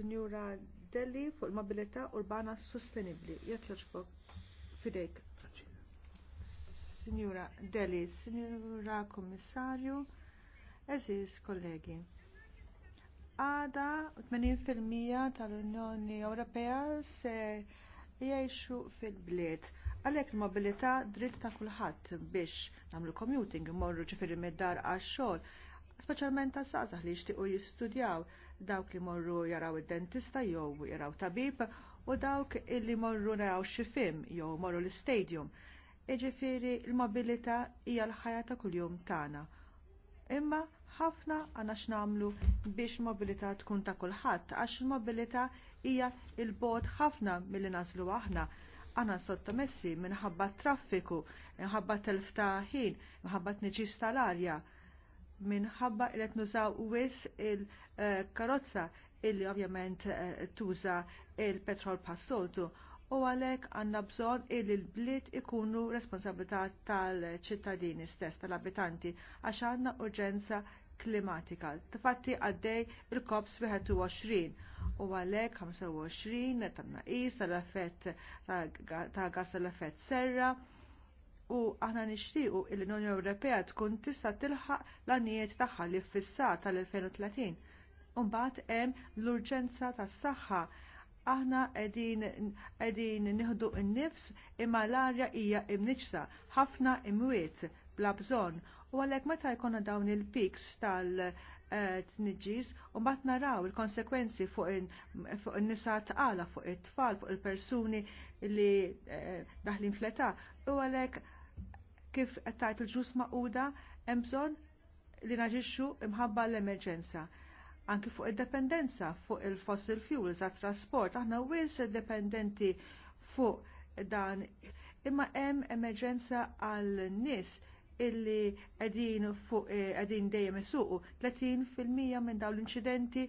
Signora Delli fuq il-mobilità urbana sostenibli. Jekk fidejk. Signora Delli, Signora Kommissarju, eżis kollegi. Għada 80% tal-Unjoni Ewropea se jgħixu fil-bliet. Għalhekk il-mobilità dritt ta' kulħadd biex nagħmlu commuting, imorru ġifieri mid-dar għax-xogħol speċjalment għas sazah li jixtiequ jistudjaw dawk li morru jaraw id-dentista jew jaraw tabib u dawk illi morru naraw xi film jew morru l-istadium. Iġifieri l-mobilità hija l-ħajja ta' kuljum tagħna. Imma ħafna għandna x'namlu biex mobilità tkun ta' kulħadd għax il-mobilità hija l bogħod ħafna milli naslu aħna għana sottomessi minħabba traffiku, minħabba telf ta' ħin, minħabba t-nġis tal-arja minħabba li qed nużaw wis il-karozza illi ovvjament eh, tuża il-petrol passoltu u għalhekk għandna bżonn illi l-bliet ikunu responsabilità tal-ċittadini stess, tal-abitanti, għax għandna urġenza klimatika. Tifatti għaddej il-COPS 21 u għalhekk 25 tan naqqis tal-effett ta' gas tal-effett serra u aħna nixtiequ il l-Unjoni Ewropea tkun tista' tilħaq l-għanijiet tagħha li ffissat tal-2030. Umbagħad hemm l-urġenza tas-saħħa aħna qegħdin nieħdu n-nifs imma l-arja hija imniġsa ħafna imwiet bla bżonn u għalhekk meta jkollna dawn il-piks tal eh, tniġis u mbagħad naraw il-konsekwenzi fuq in-nisa tqala fuq it-tfal fuq il-persuni li eh, daħlin fl-età u għalhekk kif qed tajt il-ġus maquda hemm bżonn li naġixxu imħabba l-emerġenza. Anki fuq id-dependenza fuq il-fossil fuels għat trasport, aħna id dependenti fuq dan. Imma hemm emerġenza għal nies illi qegħdin fuq eh, qegħdin dejjem isuqu 30% minn dawn l-inċidenti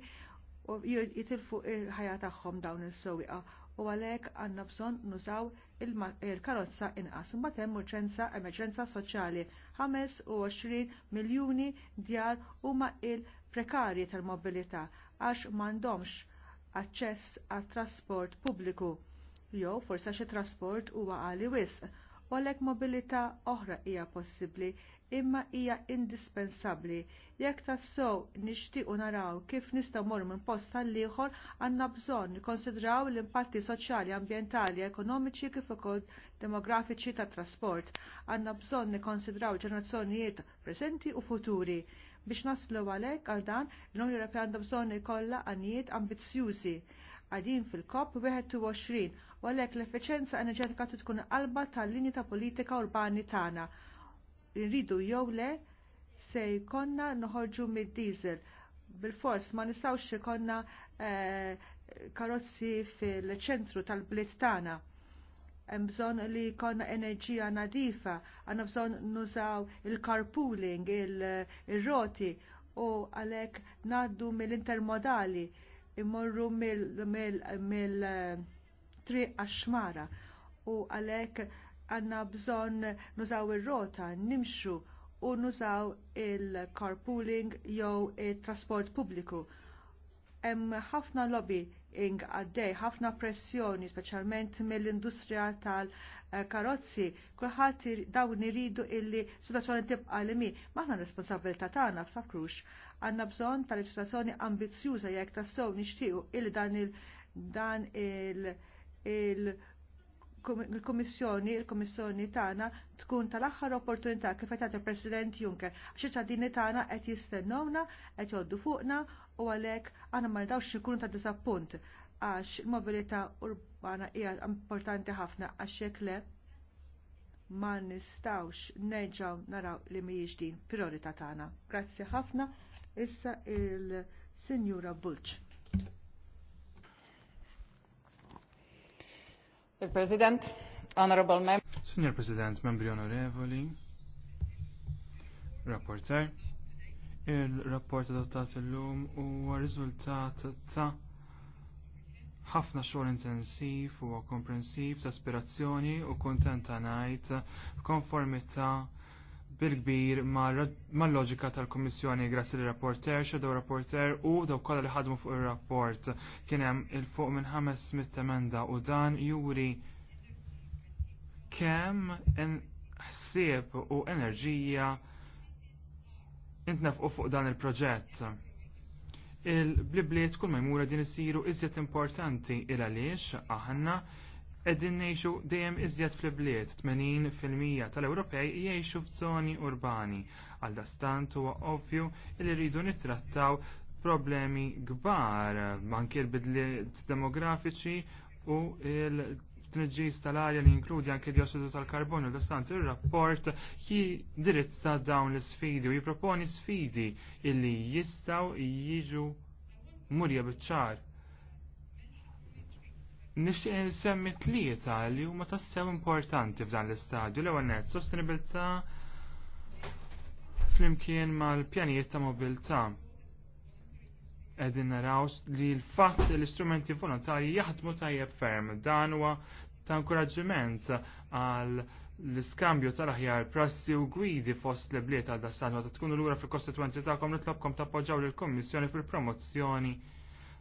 jitilfu il-ħajja tagħhom dawn is-sewwieqa u għalhekk għandna bżonn nużaw il-karozza il inqas. Imbagħad hemm urġenza emerġenza soċjali. 25 miljuni djar huma il-prekarji tal-mobilità għax m'għandhomx aċċess għat trasport pubbliku. Jew forsi xi trasport huwa għali wisq u għalhekk mobilità oħra hija possibbli imma hija indispensabbli. Jekk tassew nixtiequ naraw kif nistgħu mmorru minn post tal-ieħor għandna bżonn nikkonsidraw l-impatti soċjali, ambjentali, ekonomiċi kif ukoll demografiċi tat trasport. Għandna bżonn nikkonsidraw ġenerazzjonijiet preżenti u futuri. Biex naslu għalhekk għal dan, l-Unjoni Ewropea għandha bżonn ikollha għanijiet ambizzjużi għadin fil-COP 21 u għalhekk l-effiċenza enerġetika tkun qalba tal-linji ta' politika urbani tagħna rridu jew le se jkollna noħorġu mid-diesel. Bilfors ma nistgħux ikollna eh, karozzi fil-ċentru tal-bliet tagħna. Hemm bżonn li jkollna enerġija nadifa, għandna bżonn nużaw il-carpooling, il-roti u għalhekk ngħaddu mill-intermodali imorru mill-triq għaxmara. Eh, triq għax-xmara u għalhekk għanna bżon nużaw ir-rota, nimxu u nużaw il-carpooling jew il-trasport pubbliku. Hemm ħafna ing għaddej, ħafna pressjoni, speċjalment mill-industrija tal-karozzi, kulħadd dawn iridu illi situazzjoni tibqa' li mi. Maħna responsabilità tagħna f'takrux għandna bżonn ta' leġislazzjoni ambizzjuża jekk tassew nixtiequ il dan il dan il, il il-Komissjoni, il-Komissjoni tagħna tkun tal-aħħar opportunità kif qed il-President Juncker Xi iċ-ċadini tagħna qed jistennowna, qed joddu fuqna u għalhekk aħna ma nidawx ikunu ta' disappunt għax il-mobilità urbana hija importanti ħafna għax hekk le ma nistawx nerġgħu naraw li mhijiex din priorità tagħna. Grazzi ħafna. Issa il-Sinjura Bulċ. Il-President, Honorable Signor President, membri onorevoli, rapporter, il-rapport adottat l-lum huwa riżultat ta' ħafna xogħol intensiv u komprensiv ta' aspirazzjoni u kontenta ngħid f'konformità bil-kbir mal-loġika tal-Kommissjoni grazzi li rapporter, shadow rapporter u daw kolla li ħadmu fuq il-rapport. Kienem il-fuq minn 500 emenda u dan juri kem ħsieb u enerġija intnafqu fuq dan il-proġett. Il-blibliet kull ma jmura din isiru iżjed importanti il għaliex aħna Qegħdin ngħixu dejjem iżjed fl-bliet, 80% tal-Ewropej jgħixu f'żoni urbani. Għal dastant huwa ovvju li rridu nittrattaw problemi kbar, anke l-bidliet demografiċi u l tneġġis tal-arja li jinkludi anke dioxidu tal-karbonju l stant il-rapport dirizza dawn l-sfidi u jiproponi sfidi illi jistaw jiġu murja biċ-ċar. Nixtieq nsemmi tlieta li huma tassew importanti f'dan l-istadju l-ewwel net sostenibilità flimkien mal-pjanijiet ta' mobilità. Qegħdin naraw li l-fatt l-istrumenti volontarji jaħdmu tajjeb ferm dan huwa ta' inkoraġġiment għal l-iskambju tal-aħjar prassi u gwidi fost li bliet għal dasan ma tkunu lura fil-kostituenzi ta'kom nitlobkom tappoġġaw lill kummissjoni fil-promozzjoni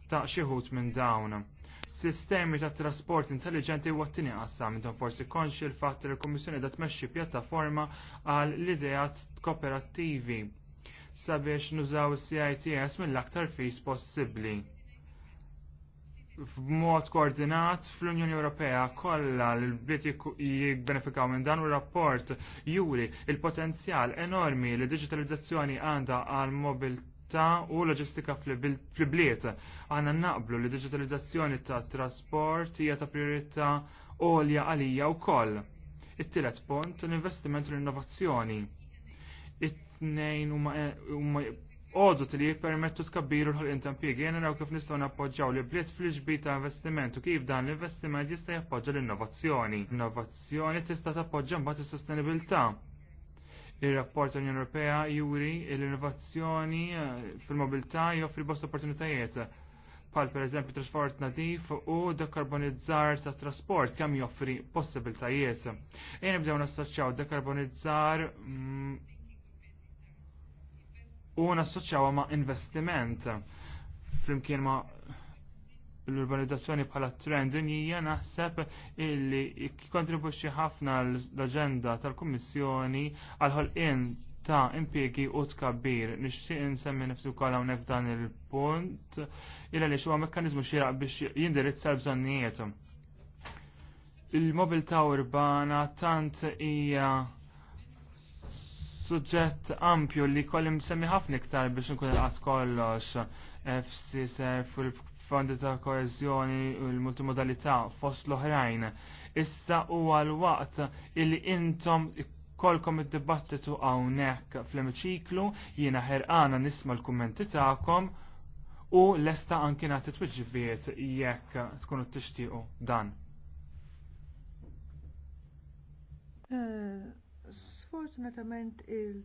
ta' xi minn dawn sistemi ta' trasport intelligenti u għattini minn intom forsi konxi l-fatt li l-Komissjoni da tmexxi pjattaforma għal l-idejat kooperativi sabiex nużaw CITS mill-aktar fis possibbli. F'mod koordinat fl-Unjoni Ewropea kollha l-bliet jibbenefikaw minn dan u rapport juri il-potenzjal enormi li digitalizzazzjoni għandha għal mobil mobilità u loġistika fl-bliet. Għanna naqblu li digitalizzazzjoni ta' trasport hija ta' priorità għolja għalija u koll. It-tielet punt l-investiment u l-innovazzjoni. It-tnejn huma għodu li jippermettu tkabbiru l ħol tampiegi jena raw kif nistaw nappoġġaw li bliet fl-ġbi ta' investiment u kif dan l-investiment jista' jappoġġa l-innovazzjoni. Innovazzjoni tista' tappoġġa mbagħad is-sostenibilità. Il-rapport tal-Unjoni Ewropea juri l-innovazzjoni eh, fil-mobilità joffri bost opportunitajiet pal per eżempju trasport nadif u dekarbonizzar ta' trasport kemm joffri possibiltajiet. Ejn nibdew nassoċjaw dekarbonizzar mm, u nassoċjaw ma' investiment flimkien ma' l-urbanizzazzjoni bħala trend din hija naħseb illi kontribwixxi ħafna l-aġenda tal-Kummissjoni għal ħolqien ta' impjegi u tkabbir. Nixtieq insemmi nifsi wkoll hawn dan il-punt illa li huwa mekkaniżmu xieraq biex jindirizza l-bżonnijiet. Il-mobilità urbana tant hija suġġett ampju li kollim semmi ħafna iktar biex nkun il kollox FC Surf, fondi ta' koezjoni u l-multimodalità fost l-oħrajn. Issa u għal-waqt illi intom kolkom id-dibattitu hawnhekk fl-emiċiklu jiena ħerqana nisma l-kummenti ta'kom u lesta anki nagħti twiġġibiet jekk tkunu tixtiequ dan. Eh, sfortunatament il-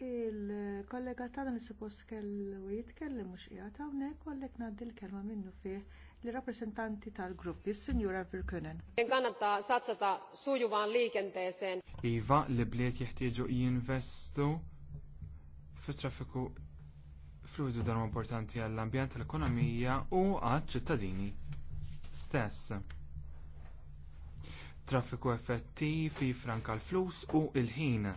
Il-kollega tagħna li suppost kellu jitkellem mhux qiegħed hawnhekk għalhekk ngħaddi l-kelma minnu fih lir-rappreżentanti tal-gruppi, Sinjura Virkunen. suju van sujuvaan liikenteeseen. Iva, li bliet jeħtieġu jinvestu fit-traffiku fluidu darba importanti għall-ambjent, l-ekonomija u għad-ċittadini stess. Traffiku effettiv, jifranka l-flus u il-ħin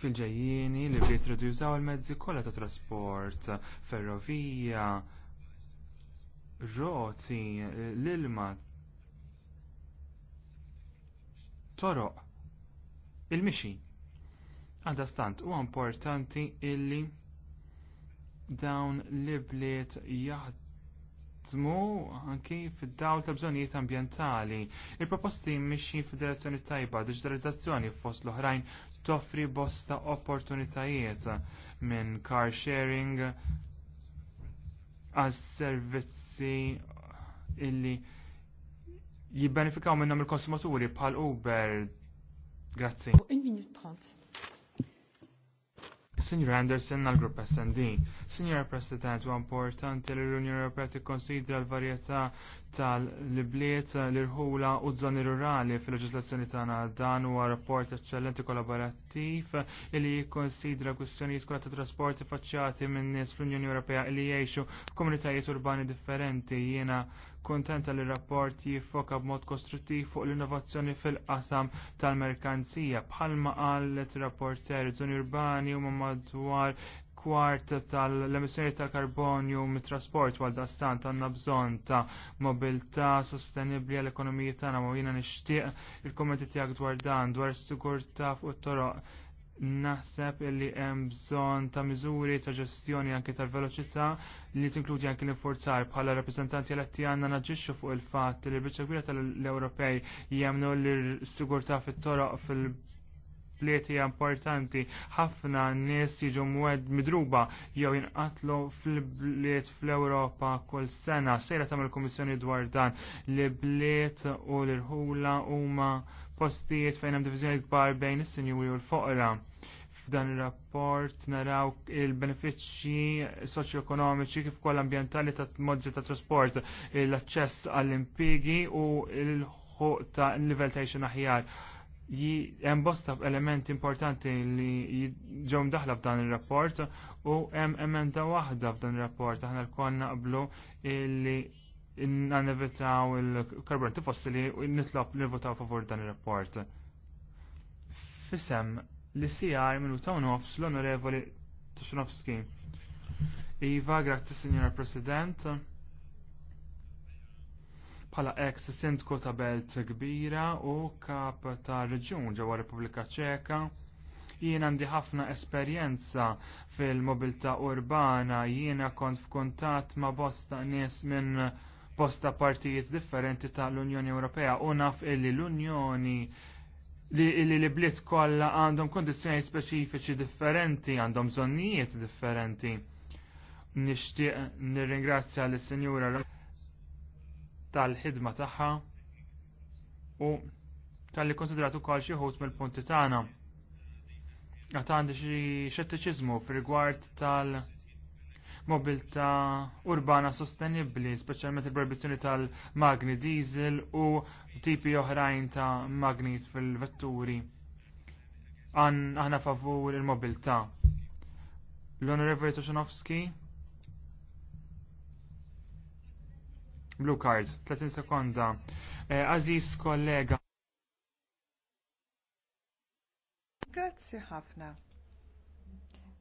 fil-ġejjieni li bdiet jużaw il-mezzi kollha ta' trasport, ferrovija, roti, l-ilma, toroq, il-mixi. stant huwa importanti illi dawn l-ibliet jaħdmu anki fid-dawl ta' bżonijiet ambjentali. Il-proposti mixi fid-direzzjoni tajba, digitalizzazzjoni fost l-oħrajn toffri bosta opportunitajiet minn car sharing għal servizzi illi jibbenefikaw minnhom il-konsumaturi bħal Uber. Grazzi. 1 30. Signor Anderson għal grupp SD. Signor President, u importanti li l-Unjoni Ewropea tikkonsidra l-varjetà tal-libliet, l-irħula u żoni rurali fil-leġislazzjoni tagħna dan huwa rapport eċċellenti kollaborattiv li jikkonsidra kwistjonijiet kollha ta' trasporti faċċati minn nies fl-Unjoni Ewropea li jgħixu f'komunitajiet urbani differenti jiena Kuntenta li rapport jiffoka b'mod kostruttiv fuq l-innovazzjoni fil-qasam tal-merkanzija bħalma qalet rapporter żoni urbani huma madwar kwart tal-emissjoni tal karbonju mit-trasport għal dastan għandna bżonn ta' mobilità sostenibbli għall ekonomiji tagħna ma jiena nixtieq il-kommenti tiegħek dwar dan dwar is-sigurtà fuq it-toroq naħseb li hemm bżonn ta' miżuri ta' ġestjoni anke tal-veloċità li tinkludi anke l-infurzar bħala rappreżentanti eletti għandna naġixxu fuq il-fatt li l-biċċa kbira tal-Ewropej jemnu li s-sigurtà fit-toroq fil- bliet importanti ħafna nies jiġu mwed midruba jew jinqatlu fil-bliet fl-Ewropa kull sena. Sejra tagħmel kummissjoni dwar dan li bliet u l-irħula huma postijiet fejn hemm diviżjoni kbar bejn is-sinjuri u l-foqra. F'dan ir-rapport naraw il-benefiċċji soċjoekonomiċi kif ukoll ambjentali ta' mozzi ta' trasport, l-aċċess għall-impigi u l-ħuq ta' livell ta' ixin aħjar. Hemm bosta elementi importanti li ġew daħla f'dan ir-rapport u hemm emenda waħda f'dan ir-rapport aħna l-konna qablu li nevitaw il-karburanti fossili u nitlob nivvotaw favur dan il-rapport. Fisem li minn u ta' nofs l-onorevoli Tushnovski. Iva, grazie signora President. Bħala ex sindku ta' belt kbira u kap ta' reġjun ġewwa Repubblika Ċeka jien għandi ħafna esperjenza fil-mobilta urbana, jiena kont f'kuntatt ma' bosta nies minn bosta partijiet differenti tal-Unjoni Ewropea u naf illi l-Unjoni li li bliet kollha għandhom kondizjoni speċifiċi differenti, għandhom żonnijiet differenti. Nixtieq nirringrazzja l sinjura tal-ħidma tagħha u tal-li konsideratu kol xieħut mill-punti tagħna. Għat għandi xi xettiċiżmu fir tal-, -tal mobilta urbana sostenibli, speċjalment il-proibizzjoni tal-magni diesel u tipi oħrajn ta' magnit fil-vetturi. Aħna favur il-mobilta. L-Onorevoli Toshanovski? Blue card, 30 sekonda. Eh, Aziz kollega. Grazie ħafna.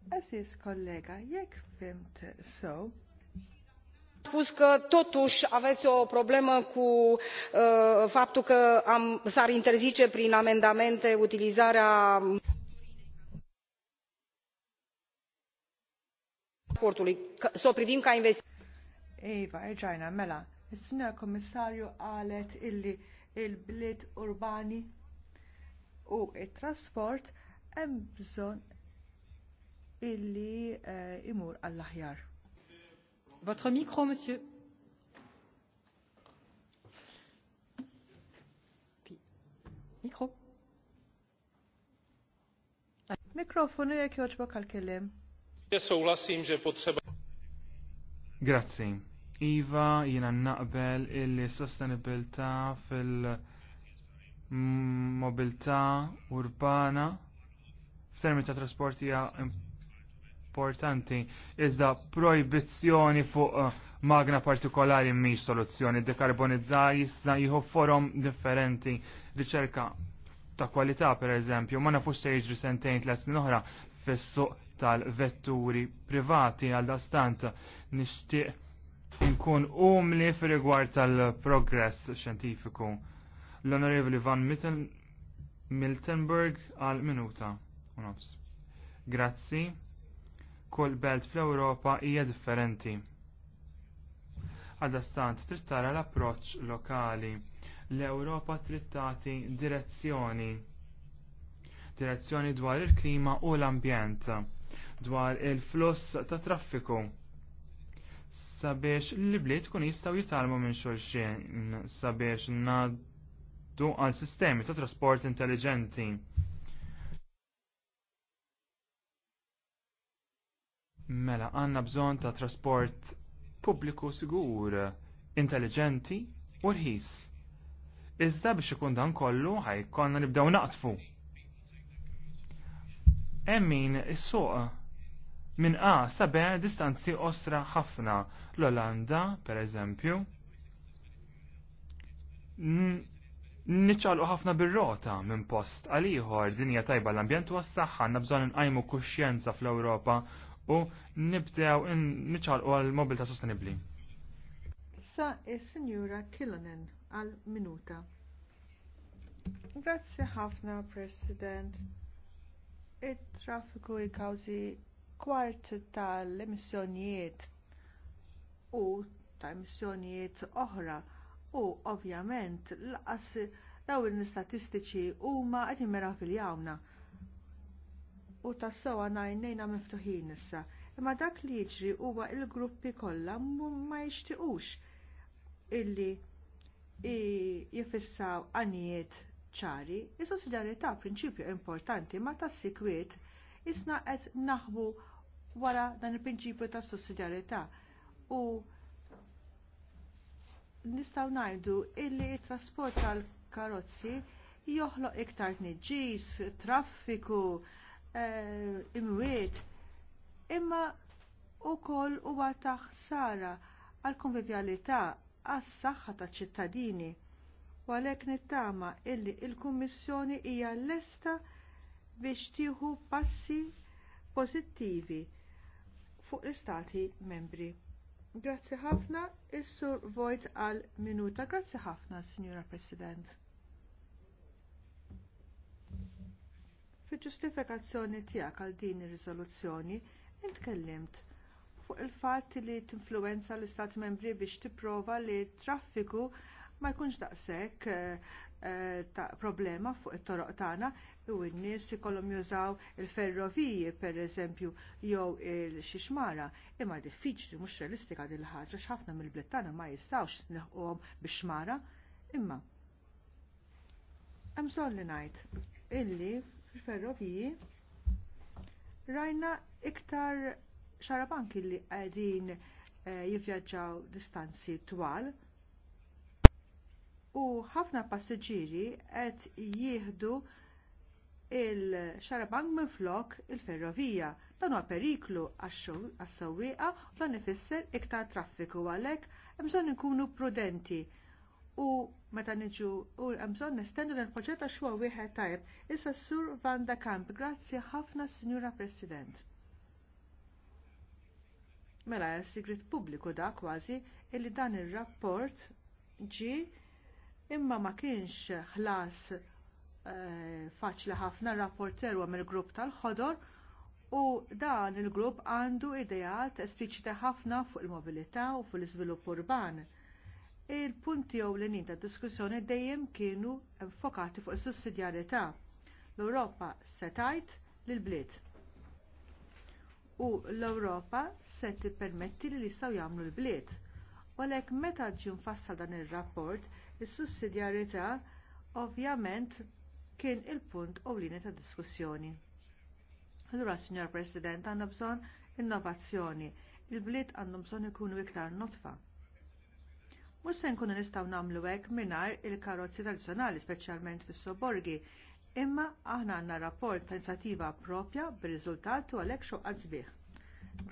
Aziz kollega, jekk fimt so, spus că totuși aveți o problemă cu uh, faptul că am, s-ar interzice prin amendamente utilizarea raportului, să o privim ca investiție. Eva, Eġajna, mela, il-Sinjor Kommissarju għalet illi il blit urbani u il transport hemm bżonn illi eh, imur għall-aħjar. Votre micro, monsieur. Mikro. Mikrofonu jek joġba kal-kellim. Souhlasím, že potřeba... Grazzi. Iva, jina naqbel illi sostenibilità fil-mobilità urbana f'termi ta' trasporti importanti iżda projbizzjoni fuq eh, magna partikolari mi soluzzjoni dekarbonizzaj, jisna jieħu forum differenti riċerka ta' kwalità per eżempju ma nafux se jiġri sentejn tlet noħra oħra fis-suq tal-vetturi privati għal dastant nixtieq inkun umli fir-rigward tal-progress xjentifiku. L-Onorevoli Van Miltenberg għal minuta u nofs. Grazzi kull belt fl-Ewropa hija differenti. Għadastant trid tara l-approċċ lokali. L-Ewropa trid tagħti direzzjoni. Direzzjoni dwar il-klima u l-ambjent, dwar il-fluss ta' traffiku sabiex l-bliet kun jistaw jitalmu minn xulxin sabiex naddu għal sistemi ta' trasport intelligenti Mela, għanna bżon ta' trasport pubbliku sigur, intelligenti u rħis. Iżda biex ikun dan kollu ħajkonna nibdew naqtfu. Emmin is-suq minn A saber distanzi osra ħafna l-Olanda, per eżempju. Niċċalu ħafna bir-rota minn post għal ieħor dinja tajba l-ambjent u s-saħħa bżonn inqajmu kuxjenza fl-Ewropa u nibdew niċċarqu għal mobilta sostenibbli. Sa is-Sinjura Killonen għal minuta. Grazzi ħafna, President. It-traffiku jikawzi kwart tal-emissjonijiet u ta' emissjonijiet oħra u ovvjament daw il l-istatistiċi huma qed meraviljawna u tassowa najnejna miftuħin issa. Imma dak li jiġri huwa il-gruppi kollha ma jixtiequx illi jifissaw għanijiet ċari. Is-sussidjarjetà prinċipju importanti ma tas-sikwiet isna qed naħbu wara dan il-prinċipju tas sussidjarjetà u nistgħu ngħidu illi t trasport tal-karozzi joħloq iktar tniġġis, traffiku, Eh, imwiet imma wkoll huwa ta' ħsara għall konvivjalità għas-saħħa taċ ċittadini u għalhekk nittama illi l il kummissjoni hija lesta biex tieħu passi pożittivi fuq l-istati membri. Grazzi ħafna, is-sur Vojt għal minuta. Grazzi ħafna, Signora President. Fil-ġustifikazzjoni tiegħek għal din ir-riżoluzzjoni, intkellimt fuq il-fatt li tinfluwenza l-Istat membri biex tipprova li t traffiku ma jkunx daqshekk eh, eh, ta' problema fuq it-toroq tagħna u n-nies ikollhom jużaw il-ferroviji pereżempju jew il-xixmara imma diffiċli mhux realistika din ħaġa x'ħafna mill-bliet tagħna ma jistgħux neħquhom bix-xmara imma hemm bżonn li ngħid illi fil-ferroviji rajna iktar xarabanki li qegħdin eh, jivvjaġġaw distanzi twal u ħafna passiġġieri qed jieħdu il-xarabank minflok il-ferrovija. Dan huwa periklu għas-sewwieqa u dan ifisser iktar traffiku għalhekk hemm bżonn inkunu prudenti u meta niġu u bżonn nestendu l-proġett għax wieħed tajb. Issa Sur Van Kamp, grazzi ħafna Sinjura President. Mela segret pubbliku da kważi illi dan ir-rapport ġie imma ma kienx ħlas eh, faċli ħafna rapporter u mill grupp tal-ħodor u dan il-grupp għandu idejat espliċita ħafna fuq il-mobilità u fuq l-iżvilupp urban. Il-punti jew l ta' diskussjoni dejjem kienu fokati fuq is-sussidjarjetà. L-Ewropa se tgħid lill bliet U l-Ewropa se tippermetti li jistgħu jagħmlu l-bliet. U għalhekk meta ġie mfassal dan ir-rapport, is-sussidjarjetà ovvjament kien il-punt ewlieni tad diskussjoni. Allura, Signor President, għandna bżonn innovazzjoni. Il-bliet għandhom bżonn ikunu iktar notfa' mux se nkunu nistgħu nagħmlu hekk mingħajr il-karozzi tradizzjonali speċjalment fis-soborgi, imma aħna għandna rapport ta' inizjattiva propja bir-riżultat u għalhekk xoqqat sbieħ.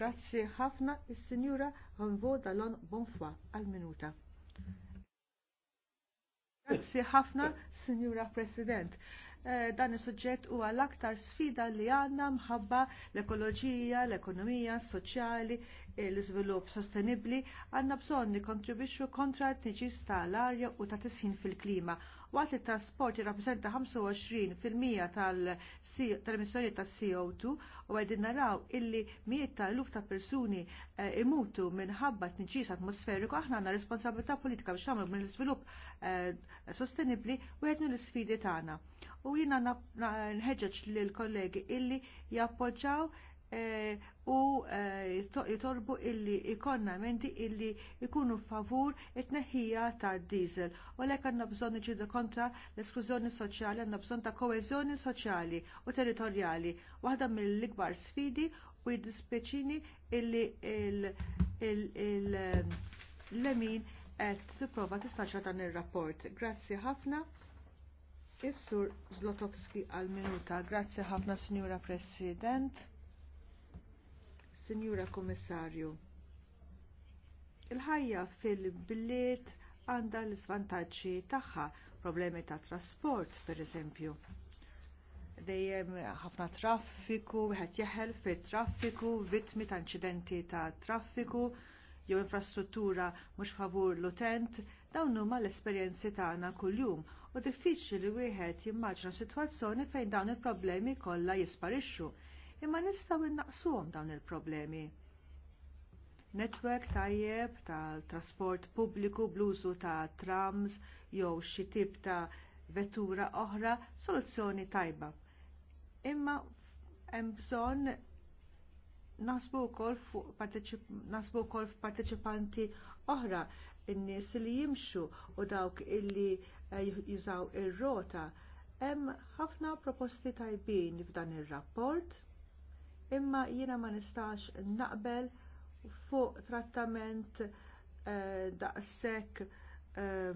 Grazzi ħafna is-Sinjura Ronvo Dallon Bonfwa għal-minuta. Grazzi ħafna, Sinjura President. Eh, dan is-suġġett huwa l-aktar sfida li għandna mħabba l-ekoloġija, l-ekonomija, s-soċjali, l-iżvilupp sostenibbli għandna bżonn nikkontribwixxu kontra t-tiġis tal-arja u ta' tisħin fil-klima waqt li trasport jirrappreżenta 25% tal emissjoni ta' tas-CO2 u għedin naraw illi miet ta' luf ta' persuni eh, imutu minħabba tniġis atmosferiku aħna għandna responsabilità politika biex nagħmlu minn l-iżvilupp eh, sostenibbli u qed l-isfidi tagħna. U jiena nħeġġeġ lill kollegi illi jappoġġaw u eh, jitorbu illi ikonna menti illi ikunu favur it-neħija ta' diesel. U lek għanna bżon iġidu kontra l-esklużjoni soċjali, għanna bżon ta' koezjoni soċjali u territorjali. Waħda mill-ikbar sfidi u jiddispeċini illi l-lemin qed tipprova istaxa dan ir-rapport. Grazzi ħafna. Is-Sur Zlotowski għal minuta. Grazzi ħafna, Sinjura President. Sinjura Komissarju. Il-ħajja fil-bliet għandha l-svantaġġi tagħha, problemi ta' trasport, pereżempju. Dejjem ħafna traffiku, wieħed jeħel fit-traffiku, vittmi ta' inċidenti ta' traffiku, jew infrastruttura mhux favur l-utent, dawn huma l-esperjenzi tagħna kuljum u diffiċli li wieħed jimmaġna sitwazzjoni fejn dawn il-problemi kollha jisparixxu imma nistgħu innaqsuhom dawn il-problemi. Netwerk tajjeb tal-trasport pubbliku bl-użu ta' trams jew xi tip ta' vettura oħra soluzzjoni tajba. Imma hemm bżonn nasbu wkoll f'parteċipanti oħra in-nies li jimxu u dawk illi eh, jużaw ir-rota, hemm ħafna proposti tajbin f'dan ir-rapport imma jiena ma nistax naqbel fuq trattament eh, daqsek, eh,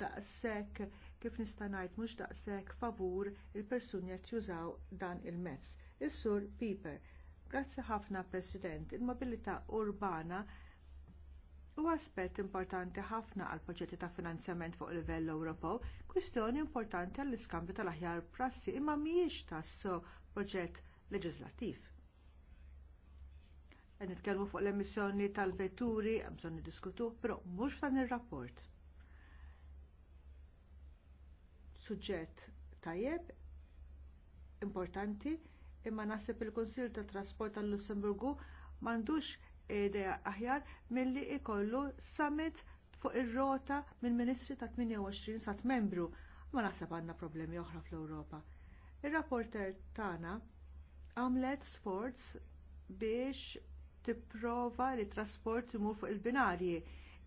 daqshekk kif nista' ngħid mhux daqshekk favur il-persuni qed jużaw dan il-mezz. Is-sur Piper, grazzi ħafna President, il-mobilità urbana huwa aspett importanti ħafna għal proġetti ta' finanzjament fuq livell Ewropew, kwistjoni importanti għall iskambju tal-aħjar prassi imma mhijiex tasso proġett leġislattiv. Qed nitkellmu fuq l-emissjoni tal-vetturi, bżonn diskutu, però mhux f'dan ir-rapport. Suġġett tajjeb, importanti, imma naħseb il-Konsil tat Trasport tal-Lussemburgu m'għandux idea aħjar milli ikollu summit fuq ir-rota mill-Ministri ta' 28 sat membru ma naħseb għandna problemi oħra fl-Ewropa. Ir-rapporter tagħna għamlet sforz biex tipprova li trasport imur fuq il-binarji.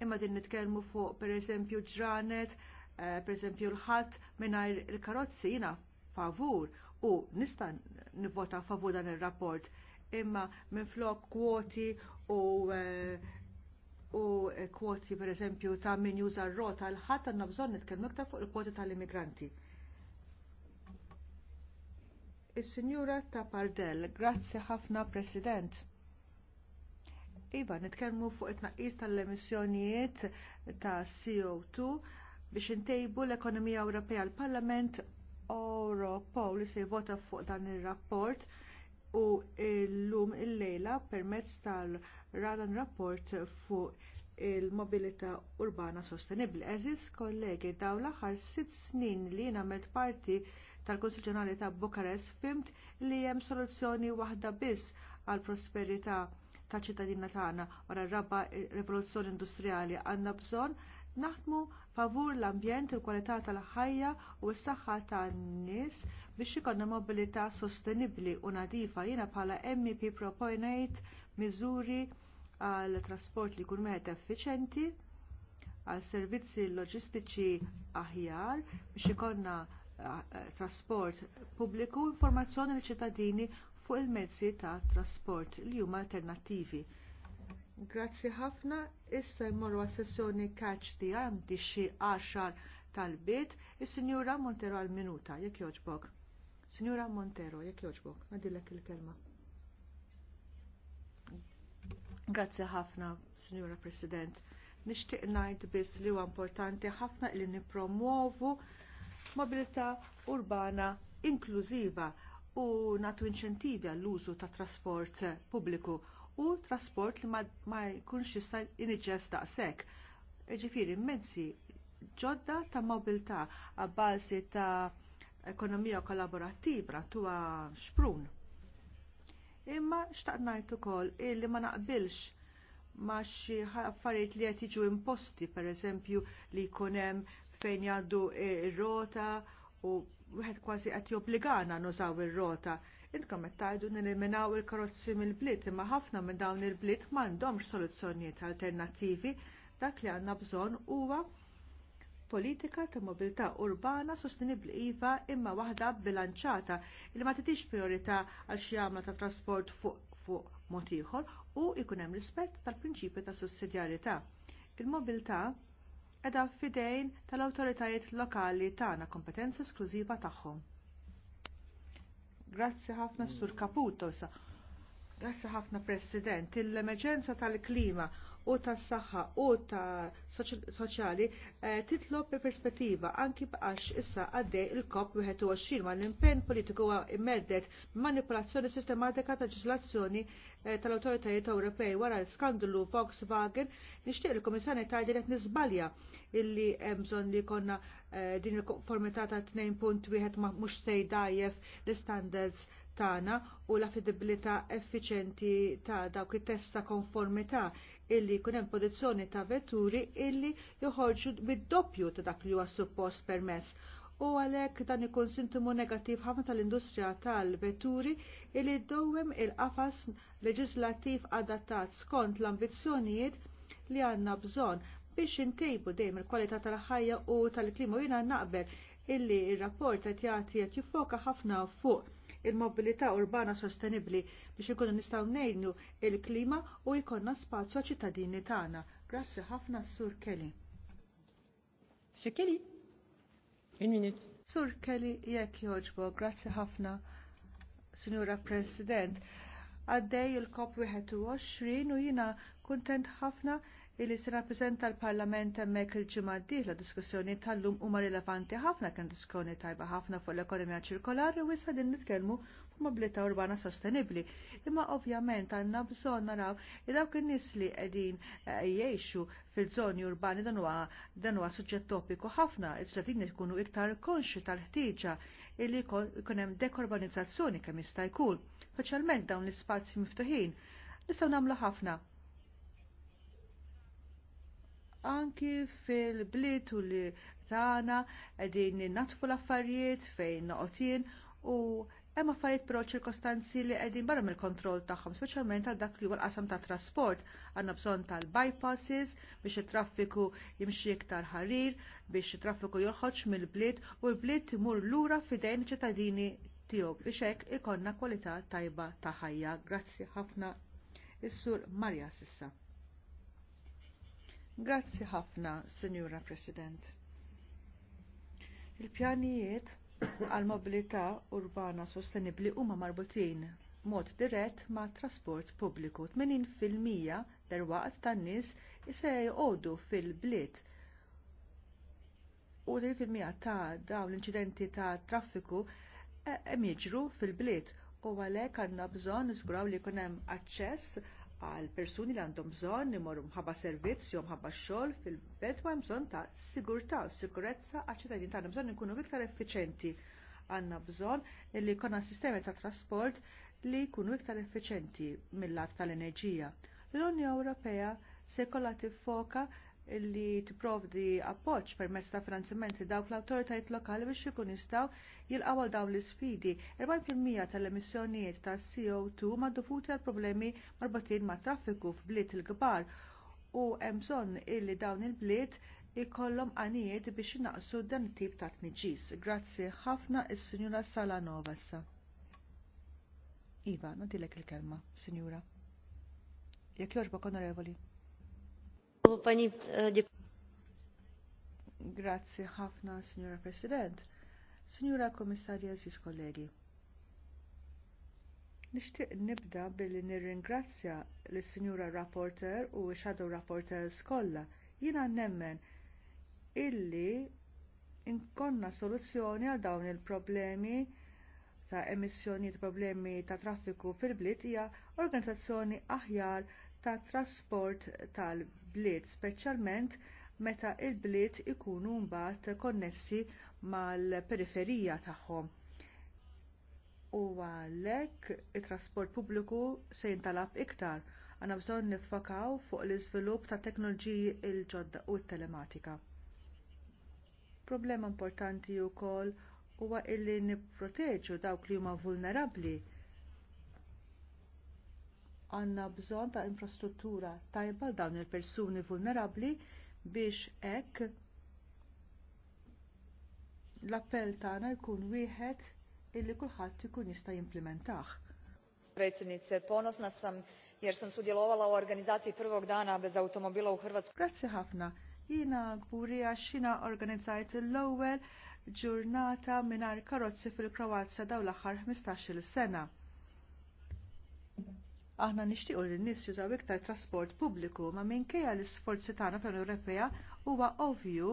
Imma din nitkellmu fuq pereżempju ġranet, eh, pereżempju l-ħadd mingħajr il-karozzi jiena favur u nista' nivvota favur dan ir-rapport. Imma minflok kwoti u eh, u kwoti pereżempju ta' min juża r-rota l ħat għandna bżonn nitkellmu iktar fuq il-kwoti tal-immigranti. Is-Sinjura Tapardell, grazzi ħafna President. Iva, nitkellmu fuq it naqis tal-emissjonijiet ta' CO2 biex intejbu l-ekonomija Ewropea l-Parlament Ewropew li se jvota fuq dan ir-rapport u llum il-lejla permezz tal-radan rapport fuq il-mobilità urbana sostenibbli. Eżis kollegi dawn l-aħħar sitt snin li namet parti tal-Konsil Ġenerali ta' Bukarest fimt li hemm soluzzjoni waħda biss għall prosperità ta' ċittadina tagħna wara r-raba rivoluzzjoni industrijali għandna bżonn naħdmu favur l-ambjent, il-kwalità tal-ħajja u s-saħħa tan-nies biex ikollna mobilità sostenibbli u nadifa jiena bħala MEP proponejt miżuri għal trasport li jkun wieħed effiċjenti, għal servizzi loġistiċi aħjar biex ikollna trasport pubbliku informazzjoni li ċittadini fuq il-mezzi ta' trasport li huma alternattivi. Grazzi ħafna, issa jmorru għas-sessjoni catch di għandi xi għaxar tal-bit, is-Sinjura Montero għall minuta jekk jogħġbok. Sinjura Montero, jekk jogħġbok, għadilek il-kelma. Grazzi ħafna, Sinjura President. Nixtieq ngħid biss li huwa importanti ħafna li nippromuovu mobilità urbana inklużiva u natu inċentivi għall-użu ta' trasport pubbliku u trasport li ma jkunx jista' inġess daqshekk. Ġifieri mezzi ġodda ta' mobilità għabbażi ta' ekonomija kollaborattiva tuwa xprun. Imma xtaqt ngħid ukoll illi ma naqbilx ma xi affarijiet li qed jiġu imposti, pereżempju li jkun hemm fejn jgħaddu il rota u wieħed kważi qed jobbligana nużaw ir-rota. Intkom qed tgħidu niliminaw il-karozzi mill-bliet imma ħafna minn dawn il-bliet m'għandhomx soluzzjonijiet alternattivi dak li għandna bżonn huwa politika ta' mobilità urbana sostenibbli iva imma waħda bilanċata li ma tidix priorità għal xi ta' trasport fuq fuq mod ieħor u jkun hemm rispett tal-prinċipju ta' sussidjarjetà. Il-mobilità edha fidejn tal-awtoritajiet lokali tagħna kompetenza esklużiva tagħhom. Grazzi ħafna Sur Caputo. Grazzi ħafna President. Il-emerġenza tal-klima u tas-saħħa u ta' soċjali eh, titlob perspettiva anki b'għax issa għaddej il-COP 21 ma l-impenn politiku għu immeddet manipolazzjoni sistematika ta' ġislazzjoni eh, tal-awtoritajiet Ewropej wara l skandlu Volkswagen nixtieq il komissjoni tgħidil qed nisbalja illi hemm bżonn li jkollna eh, din il-konformità ta' 2.1 mhux se jdajjef l-standards tagħna u l fidibilità effiċenti ta' dawk it-test ta' konformità illi jkun hemm pożizzjoni ta' vetturi illi joħorġu bid-doppju ta' dak li huwa suppost permess. U għalhekk dan ikun sintomu negattiv ħafna tal-industrija tal-vetturi illi ddowwem il-qafas leġislattiv adattat skont l-ambizzjonijiet li għandna bżonn biex intejbu dejjem il-kwalità tal-ħajja u tal-klima u jiena naqbel illi r rapport qed jagħti qed jiffoka ħafna fuq il-mobilità urbana sostenibbli biex ikunu nistgħu ngħinu l klima u jkollna spazju ċittadini tagħna. Grazzi ħafna Sur Kelly. Sur Kelly. Un minut. Sur Kelly jekk joġbo, grazzi ħafna Sinjura President. Għaddej il-COP21 u jina kontent ħafna illi se rappresenta l-Parlament hemmhekk il-ġimgħa d-dieħla diskussjoni tal-lum huma rilevanti ħafna kien diskussjoni tajba ħafna fuq l-ekonomija ċirkolari u issa din nitkellmu fuq mobilità urbana sostenibbli. Imma ovvjament għandna bżonn naraw li dawk in-nies li qegħdin eh, jgħixu fil-żoni urbani dan huwa dan huwa suġġett topiku ħafna, iżda ċittadini ikunu iktar konxi tal-ħtieġa illi jkun hemm dekorbanizzazzjoni kemm jista' jkun, speċjalment dawn l-ispazji miftuħin. Nistgħu nagħmlu ħafna anki fil-bliet u li tagħna qegħdin natfu l-affarijiet fejn noqotien u hemm affarijiet però ċirkostanzi li qegħdin barra mill-kontroll tagħhom, speċjalment għal dak li huwa l-qasam ta' trasport. Għandna bżonn tal-bypasses biex it-traffiku jimxi iktar ħarir, biex it-traffiku jorħodx mill-bliet u l-bliet imur lura fidejn ċittadini tiegħu biex hekk ikollna kwalità tajba ta' ħajja. Grazzi ħafna is-sur Marja sissa. Grazzi ħafna, Sinjura President. Il-pjanijiet għal mobilità urbana sostenibbli huma marbutin mod dirett ma' trasport pubbliku. 80% derwaqt tan-nies se jgħodu fil-bliet u 30% ta' dawn l-inċidenti ta' traffiku hemm eh, jiġru fil-bliet u għalhekk għandna bżonn niżguraw li jkun hemm aċċess għal persuni li għandhom bżonn imorru mħabba servizz jew mħabba xogħol fil bed ma bżonn ta' sigurtà u sikurezza għaċ-ċittadin tagħna bżonn ikunu iktar effiċenti. Għandna bżonn li jkollna sistemi ta' trasport li jkunu iktar effiċenti mill-lat tal-enerġija. L-Unja Ewropea se jkollha tiffoka li tipprovdi appoġġ permezz ta' finanzjament dawk l-awtoritajiet lokali biex ikun jistgħu jilqgħu għal dawn l-isfidi. 40% tal-emissjonijiet ta' CO2 ma' dovuti għal problemi marbutin ma' traffiku f'bliet il-kbar u hemm bżonn illi dawn il-bliet ikollhom għanijiet biex inaqsu dan it-tip ta' tniġis. Grazzi ħafna is-Sinjura Salanova sa. Iva, nadilek il-kelma, Sinjura. Jekk jogħġbok onorevoli. Eh, Grazzi ħafna, Signora President. Signora Komissarja, Aziz kollegi. Nixtieq nibda billi nirringrazzja lis signora Rapporter u Shadow Rapporter kollha. Jiena nemmen illi inkonna soluzzjoni għal dawn il-problemi ta' emissjonijiet problemi ta' traffiku fil-bliet hija organizzazzjoni aħjar tat trasport tal-bliet, speċjalment meta l bliet ikunu mbagħad konnessi mal-periferija tagħhom. U għalhekk it-trasport pubbliku se jintalab iktar għandna bżonn niffokaw fuq l-iżvilupp ta' teknoloġiji l ġodda u t-telematika. Problema importanti wkoll huwa illi nipproteġu dawk li huma vulnerabbli għandna bżonn ta' infrastruttura tajba dawn il-persuni vulnerabbli biex hekk l-appell tagħna jkun wieħed illi kulħadd ikun jista' jimplementah. Predsjednice, ponosna sam jer sam sudjelovala u organizaciji prvog dana bez automobila u Hrvatskoj. Grazie ħafna. Jina gburi għaxina organizzajt l-ewwel ġurnata minar karozzi fil-Kroazja daw l-aħħar 15-il sena. Aħna nixtiequ li n-nies jużaw iktar trasport pubbliku ma minkejja l-isforzi tagħna fl Ewropea huwa ovvju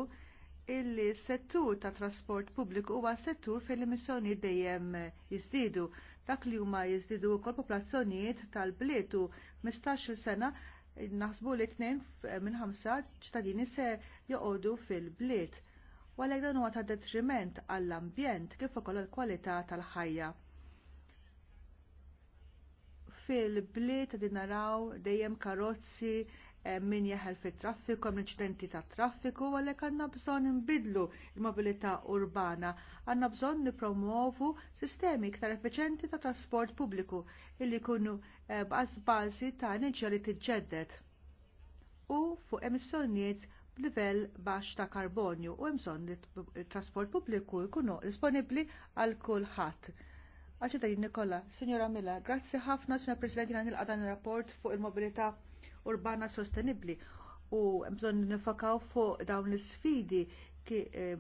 illi settur tat trasport pubbliku huwa settur fil-emissjoni dejjem jiżdiedu. Dak li huma jiżdiedu wkoll popolazzjonijiet tal-bliet u 15-il sena naħsbu li tnejn minn ħamsa ċittadini se joqogħdu fil-bliet. U għalhekk dan huwa ta' detriment għall-ambjent kif ukoll il-kwalità tal-ħajja fil-bliet din naraw dejjem karozzi eh, min jeħel fit traffiku għam inċidenti ta' traffiku, għalhekk għandna bżonn nbidlu l mobilità urbana, għandna bżonn nipromovu sistemi iktar effiċenti ta' trasport pubbliku illi jkunu b'asbazi eh, ta' enerġija li tiġġedded u fuq emissjonijiet b'livell baxx ta' karbonju u hemm bżonn li t trasport pubbliku jkunu disponibbli għal kulħadd Għaxi tajin Nikola. Signora Milla, grazzi ħafna sena President jina nilqa dan rapport fuq il-mobilità urbana sostenibbli u mżon nifakaw fuq dawn l-sfidi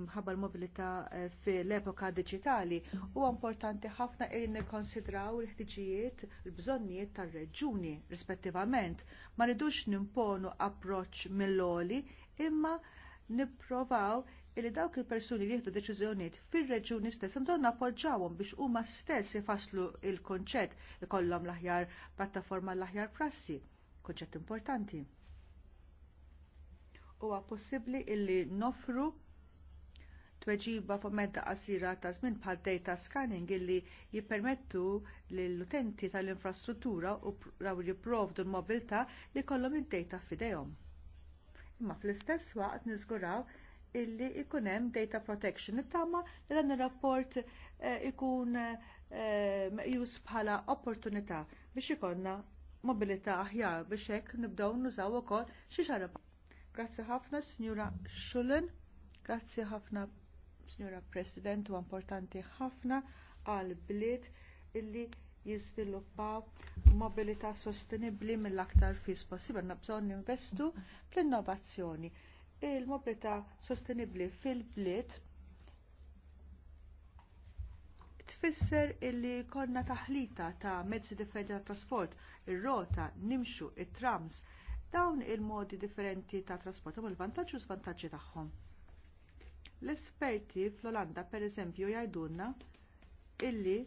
mħabba l-mobilità eh, fil-epoka diġitali huwa importanti ħafna in nikkonsidraw il-ħtiġijiet, l bżonnijiet tar-reġuni rispettivament. Ma rridux nimponu approċċ mill loli imma nipprovaw illi dawk il-persuni li jieħdu deċiżjonijiet fir-reġjuni stess għandhom nappoġġawhom biex huma stess ifasslu il-konċett ikollhom l-aħjar pjattaforma l-aħjar prassi, konċett importanti. Huwa possibbli illi nofru tweġiba fomenta qasira ta' żmien bħal data scanning illi jippermettu lill-utenti tal-infrastruttura u raw jipprovdu l-mobilità li jkollhom id-data f'idejhom. Imma fl-istess waqt niżguraw illi ikun hemm data protection. Nittama li dan ir-rapport eh, ikun eh, meqjus bħala opportunità biex ikonna mobilità aħjar biex hekk nibdew nużaw ukoll xi xarab. Grazzi ħafna, Sinjura Xulin, grazzi ħafna, Sinjura President, u importanti ħafna għal bliet illi jiżviluppaw mobilità sostenibbli mill-aktar fis possibbli. Nabżon bżonn investu fl-innovazzjoni il-mobilità sostenibbli fil-bliet tfisser illi konna taħlita ta' mezzi differenti ta' trasport, ir-rota, nimxu, it-trams, dawn il-modi differenti ta' trasport u l vantaġġ u svantaġġi tagħhom. L-esperti fl-Olanda pereżempju jgħidulna illi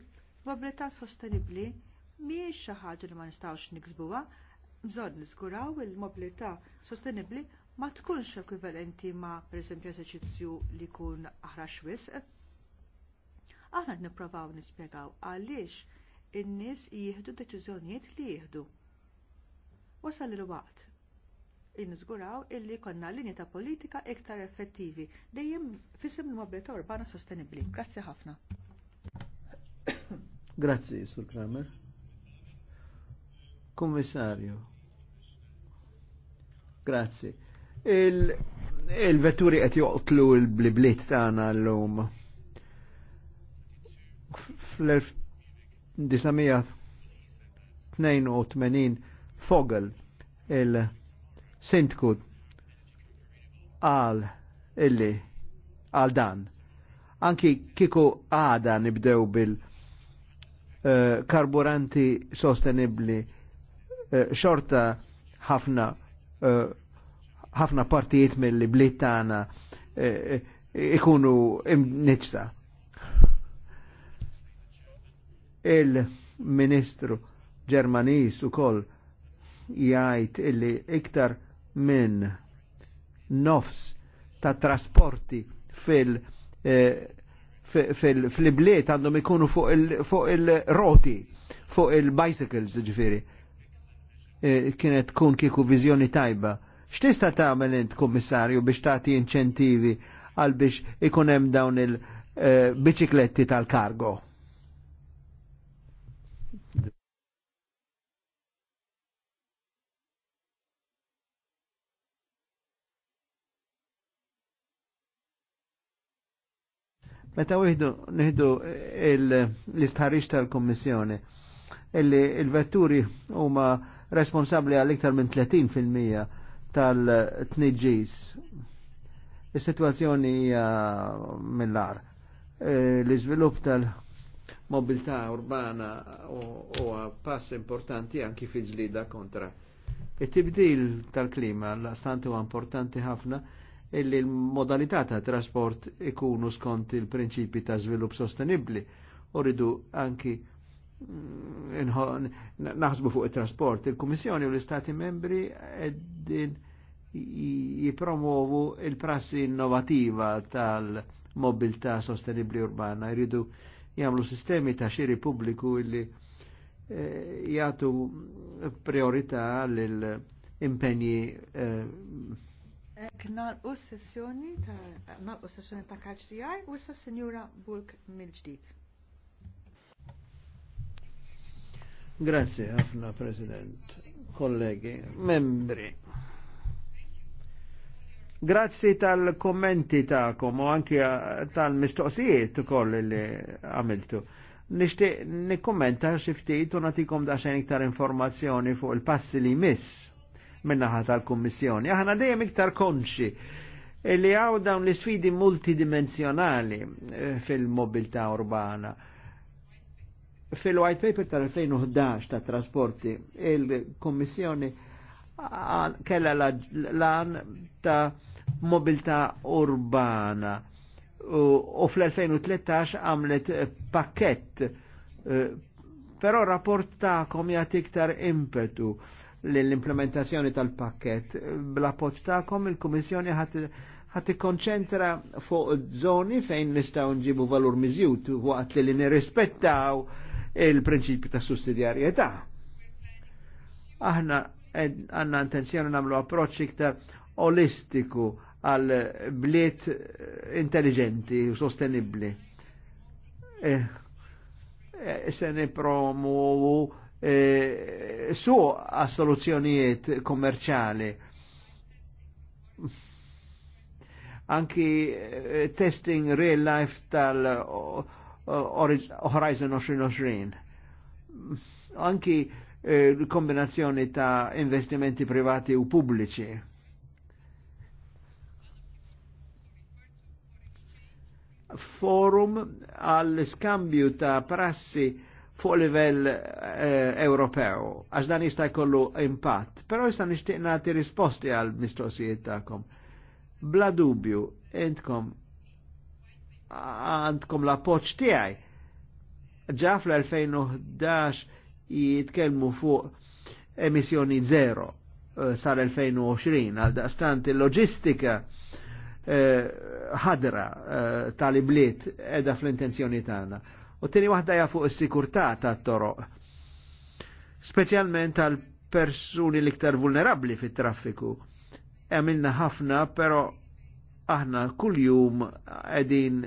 mobilità sostenibbli mhijiex xi ħaġa li ma nistgħux niksbuha, bżonn niżguraw il-mobilità sostenibbli ma tkunx ekwivalenti ma pereżempju eżerċizzju li jkun aħra xwisq. Aħna nipprovaw nispjegaw għaliex in-nies jieħdu deċiżjonijiet li jieħdu. Wasal il-waqt inżguraw illi konna linji ta' politika iktar effettivi dejjem fisim l-mobilità urbana sostenibbli. Grazzi ħafna. Grazzi, Sur Kramer. Kommissarju. Grazzi il-vetturi qed joqtlu l-blibliet tagħna llum. Fl-1982 Fogel il sintku għal illi għal dan. Anki kiku għada nibdew bil-karburanti eh, sostenibli eh, xorta ħafna eh, ħafna partijiet mill-bliet tagħna eh, eh, ikunu imniċsa. Il-Ministru Ġermanis ukoll jgħid illi iktar minn nofs ta' trasporti fil- eh, fil-bliet għandhom ikunu fuq il-roti, fuq il-bicycles ġifiri. Kienet kun kiku vizjoni tajba X'tista' tagħmel int kummissarju biex tagħti inċentivi għal biex ikun hemm dawn il-biċikletti eh, tal-kargo? Meta wieħdu nieħdu l-istħarriġ tal kummissjoni illi il-vetturi huma responsabbli għal iktar minn 30 fil-mija tal-tniġis. is situazzjoni mill-ar. E, l-iżvilupp tal-mobilità urbana huwa pass importanti anki fi ġlida kontra. It-tibdil tal-klima l-astant huwa importanti ħafna illi l-modalità ta' trasport ikunu skont il-prinċipi ta' żvilupp sostenibbli u ridu anki naħsbu fuq il trasport il kommissjoni u l-Istati membri għeddin jipromovu il-prassi innovativa tal-mobilità sostenibli urbana. Jridu jagħmlu sistemi ta' xiri publiku illi eh, jgħatu priorità l-impenji eh, u sessjoni ta' sessjoni ta' kalċ u issa Sinjura Bulk mill-ġdid. Grazie ħafna, President, kollegi, membri. Grazie tal-kommenti ta'kom u anki tal-mistoqsijiet kolli li għamiltu. Nishtiq nikkommenta xiftit u natikom xejn iktar informazzjoni fuq il-passi li miss minnaħa tal-Kommissjoni. Aħna dejjem iktar konxi li għaw dawn l-sfidi multidimensjonali eh, fil mobilità urbana Fil-white paper tal-2011 ta' trasporti, il-Kommissjoni kella l-an ta' mobilità urbana u fl-2013 għamlet eh, pakket eh, però rapport ta'kom jgħat iktar impetu l-implementazzjoni tal-pakket bl-appoċ il-Kommissjoni ħat ikkonċentra fuq zoni fejn nistgħu nġibu valur miżjut waqt li nirrispettaw il-prinċipju ta' sussidjarjetà. Aħna għanna intenzjoni namlu approċċ iktar olistiku għal bliet eh, intelligenti u sostenibli. Eh, eh, se ne su għas soluzzjonijiet kommerċali anki testing real life tal Horizon 2020. Anki eh, l-kombinazzjoni ta' investimenti privati u pubbliċi. Forum għall-skambju ta' prassi fuq livell eh, Ewropew, għax dan jista' jkollu impatt, però jista' nixtieq nagħti risposti għal mistoqsijiet tagħkom. Bla dubju, entkom għandkom l-appoċ tiegħi. Ġa fl-2011 jitkellmu fuq emissjoni zero eh, sal-2020 għal daqstant il-loġistika eh, ħadra eh, tal-ibliet edha fl-intenzjoni tagħna. U tieni waħda hija fuq is-sikurtà tat-toroq. Speċjalment tal persuni l-iktar vulnerabli fit-traffiku. Għamilna ħafna, pero aħna kull-jum għedin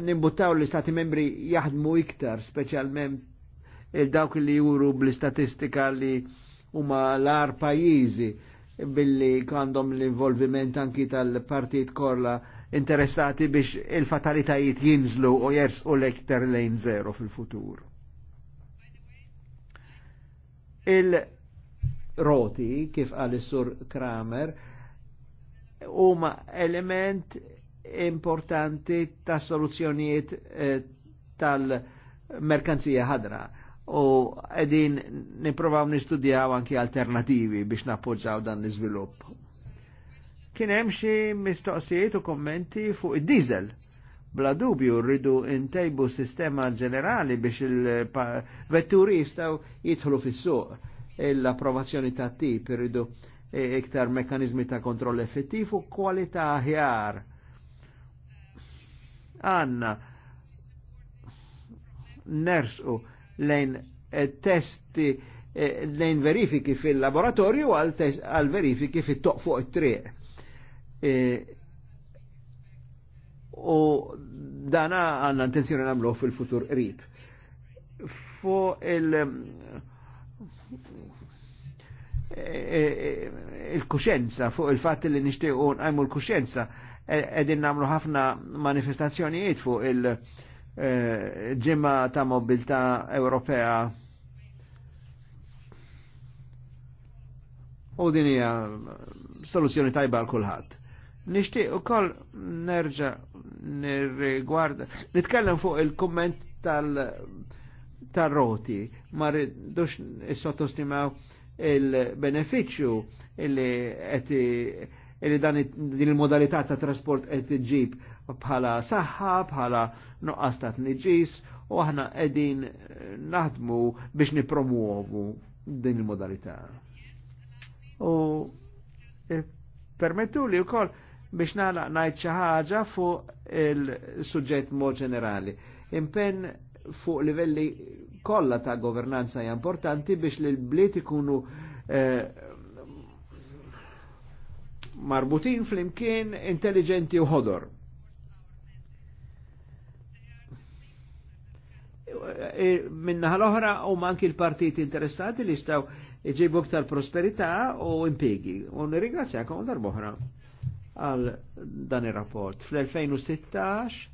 nimbuttaw l-istati membri jaħdmu iktar, specialment il-dawk li juru bl-istatistika li huma l-ar pajizi billi għandhom l-involviment anki tal-partit korla interessati biex il-fatalitajiet jinżlu u jers u lektar lejn zero fil-futur. Il-roti, kif għal sur Kramer, huma element importanti ta' soluzzjonijiet eh, tal-merkanzija ħadra u edin niprovaw nistudjaw anki alternativi biex nappoġġaw dan l izvilupp Kien hemm xi mistoqsijiet u kommenti fuq id-diesel. Bla dubju rridu intejbu sistema ġenerali biex il-vetturi jistgħu jidħlu fis-suq l-approvazzjoni ta' tip irridu E iktar mekanizmi ta' kontroll effettiv u kwalità aħjar. Għanna nersu lejn eh, testi eh, lejn verifiki fil-laboratorju għal verifiki fit-toq fuq it-triq. E, u dana għanna intenzjoni namlu fil-futur qrib. Fu il- il-kuxenza, fuq il-fat li nishtiq nishtiqu għajmu l-kuxenza. E- edin namlu ħafna manifestazzjonijiet fuq il-ġimma e, ta' mobilta Ewropea. U dinija hija soluzzjoni tajba għal kulħadd. Nishtiq u ukoll nerġa' nirrigwarda nitkellem fuq il komment tal tal-roti, ma rridux is-sottostimaw il-beneficju illi qed illi dan din il-modalità ta' trasport qed iġib bħala saħħa, bħala nuqqas ta' tniġis u aħna qegħdin naħdmu biex nipromuovu din il-modalità. U e, permettu li wkoll biex nagħlaq ngħid xi ħaġa fuq il-suġġett mod ġenerali. Impenn fuq livelli kollha ta' governanza hija importanti biex li l-bliet ikunu eh, marbutin fl-imkien intelligenti u ħodor. E, minna l-oħra u manki l-partiti interessati li staw iġibu tal prosperità u impiegi. U nirringrazzjakom darboħra għal dan il-rapport. Fl-2016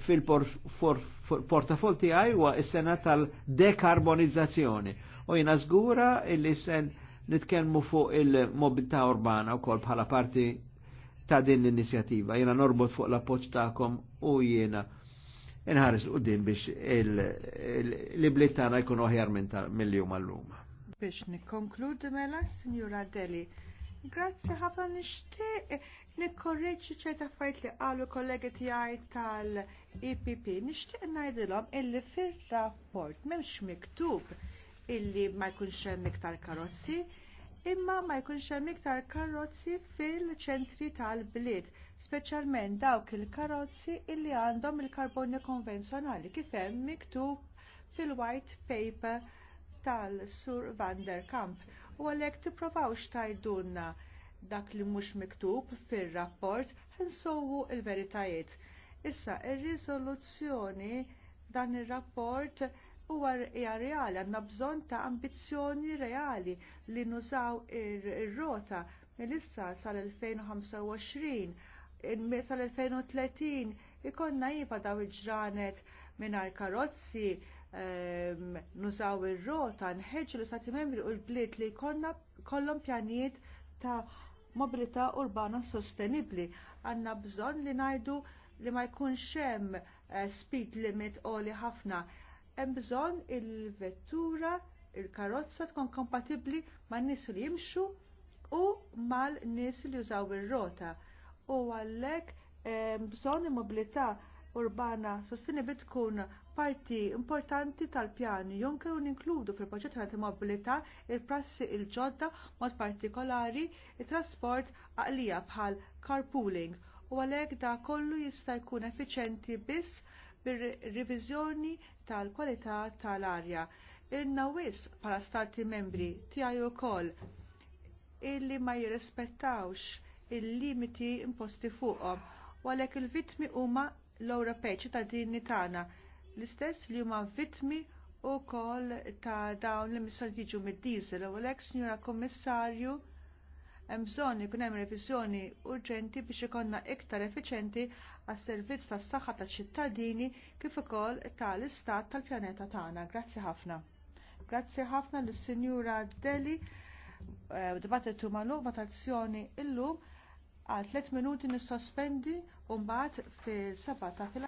fil-portfolio portafol tiegħi huwa s-sena tal-dekarbonizzazzjoni. U jiena żgura illi sen nitkellmu fuq il-mobilità urbana wkoll bħala parti ta' din l-inizjattiva. Jiena norbot fuq l-appoġġ tagħkom u jiena inħares l-qudiem biex l jkun tagħna jkunu aħjar mill-jum għall-lum. Biex nikkonkludi mela, Signora Deli, grazzi ħafna nixtieq nikkorreġġi ċerta fajt li qalu kollegi tiegħi tal-IPP nixtieq ngħidilhom illi fil rapport m'hemmx miktub illi ma jkunx hemm iktar karozzi, imma ma jkunx hemm iktar karozzi fil-ċentri tal-bliet, speċjalment dawk il-karozzi illi għandhom il karbonni konvenzjonali kif hemm miktub fil-white paper tal-Sur Van der Kamp u għalhekk tipprovaw xtajdunna dak li mhux miktub fir-rapport ħinsowu l veritajiet Issa, ir-riżoluzzjoni dan ir-rapport huwa hija reali, għandna bżonn ta' ambizzjoni reali li nużaw ir-rota mill-issa sal-2025 sal-2030 ikonna jiba daw il-ġranet mingħajr karozzi ehm, nużaw ir-rota nħeġġu l-istati membri u l-bliet li jkollhom pjanijiet ta' mobilità urbana sostenibbli. Għandna bżonn li ngħidu li ma jkunx hemm eh, speed limit li ħafna. Hemm bżonn il-vettura, il-karozza tkun kompatibbli man nies li jimxu u mal-nies li jużaw ir-rota. U għallek eh, bżonn il-mobilità urbana sostenibbli tkun parti importanti tal-pjan Juncker u ninkludu fil-proġett tal mobilità il-prassi il-ġodda mod partikolari il-trasport għalija bħal carpooling u għalhekk da kollu jista' jkun effiċenti biss bir-riviżjoni tal-kwalità tal-arja. Il-nawis bħala stati membri tiegħi wkoll illi ma jirrispettawx il-limiti imposti fuqhom u għalhekk il-vittmi huma l-Ewropej ċittadini tagħna l-istess li huma vittmi wkoll ta' dawn l-emissjoni jiġu mid-diesel u l-ek njura kommissarju hemm bżonn ikun hemm reviżjoni urġenti biex ikollna iktar effiċenti għas servizz tas-saħħa taċ-ċittadini kif ukoll tal-istat tal-pjaneta tagħna. Grazzi ħafna. Grazzi ħafna lis-Sinjura Deli eh, dibattitu magħluq votazzjoni llum għal tliet minuti nissospendi u mbagħad fis-sabata fil